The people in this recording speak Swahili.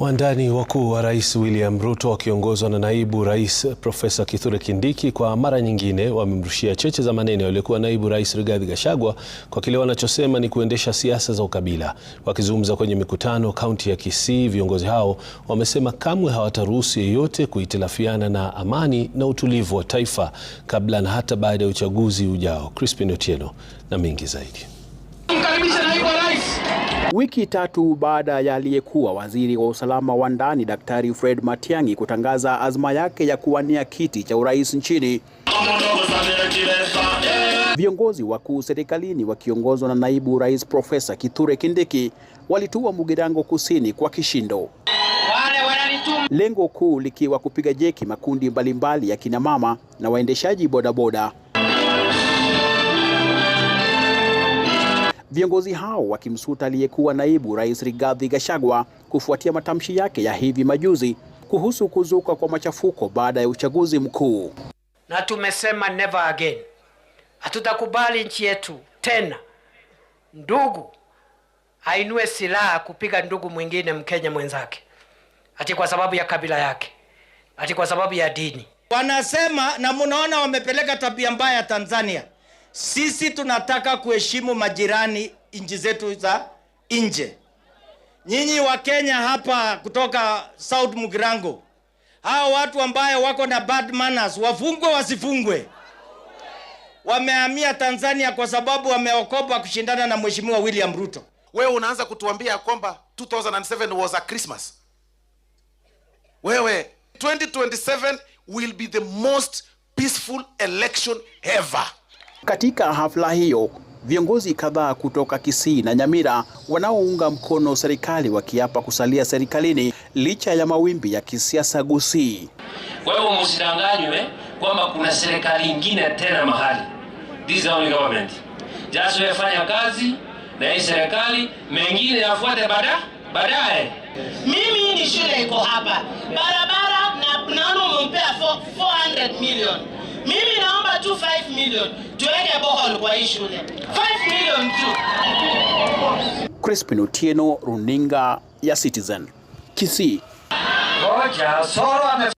Wandani wakuu wa Rais William Ruto wakiongozwa na Naibu Rais Profesa Kithure Kindiki kwa mara nyingine wamemrushia cheche za maneno aliyekuwa Naibu Rais Rigathi Gachagua kwa kile wanachosema ni kuendesha siasa za ukabila. Wakizungumza kwenye mikutano kaunti ya Kisii, viongozi hao wamesema kamwe hawataruhusu yeyote kuhitilafiana na amani na utulivu wa taifa kabla na hata baada ya uchaguzi ujao. Crispin Otieno na mengi zaidi. Wiki tatu baada ya aliyekuwa waziri wa usalama wa ndani Daktari Fred Matiang'i kutangaza azma yake ya kuwania kiti cha urais nchini, viongozi wakuu serikalini wakiongozwa na naibu rais Profesa Kithure Kindiki walitua Mugirango Kusini kwa kishindo, lengo kuu likiwa kupiga jeki makundi mbalimbali ya kinamama na waendeshaji bodaboda. viongozi hao wakimsuta aliyekuwa naibu rais Rigathi Gachagua kufuatia matamshi yake ya hivi majuzi kuhusu kuzuka kwa machafuko baada ya uchaguzi mkuu. Na tumesema never again, hatutakubali nchi yetu tena ndugu ainue silaha kupiga ndugu mwingine Mkenya mwenzake ati kwa sababu ya kabila yake ati kwa sababu ya dini. Wanasema na munaona wamepeleka tabia mbaya Tanzania. Sisi tunataka kuheshimu majirani nchi zetu za nje. Nyinyi wa Kenya hapa kutoka South Mugirango, hao watu ambayo wako na bad manners wafungwe wasifungwe? Wamehamia Tanzania kwa sababu wameokopa kushindana na Mheshimiwa William Ruto. Wewe unaanza kutuambia kwamba 2007 was a Christmas. Wewe 2027 will be the most peaceful election ever. Katika hafla hiyo viongozi kadhaa kutoka Kisii na Nyamira wanaounga mkono serikali wakiapa kusalia serikalini licha ya mawimbi ya kisiasa Gusii. Kwa hiyo msidanganywe kwamba kuna serikali ingine tena mahali. This is only government. Just we fanya kazi na hii serikali, mengine yafuate baada baadaye. Mimi ni shule iko hapa, barabara na naona umempea 400 million. Mimi naomba tu 5 million tuweke bohol kwa hii shule 5 million tu. Crispin Otieno, runinga ya Citizen, Kisii.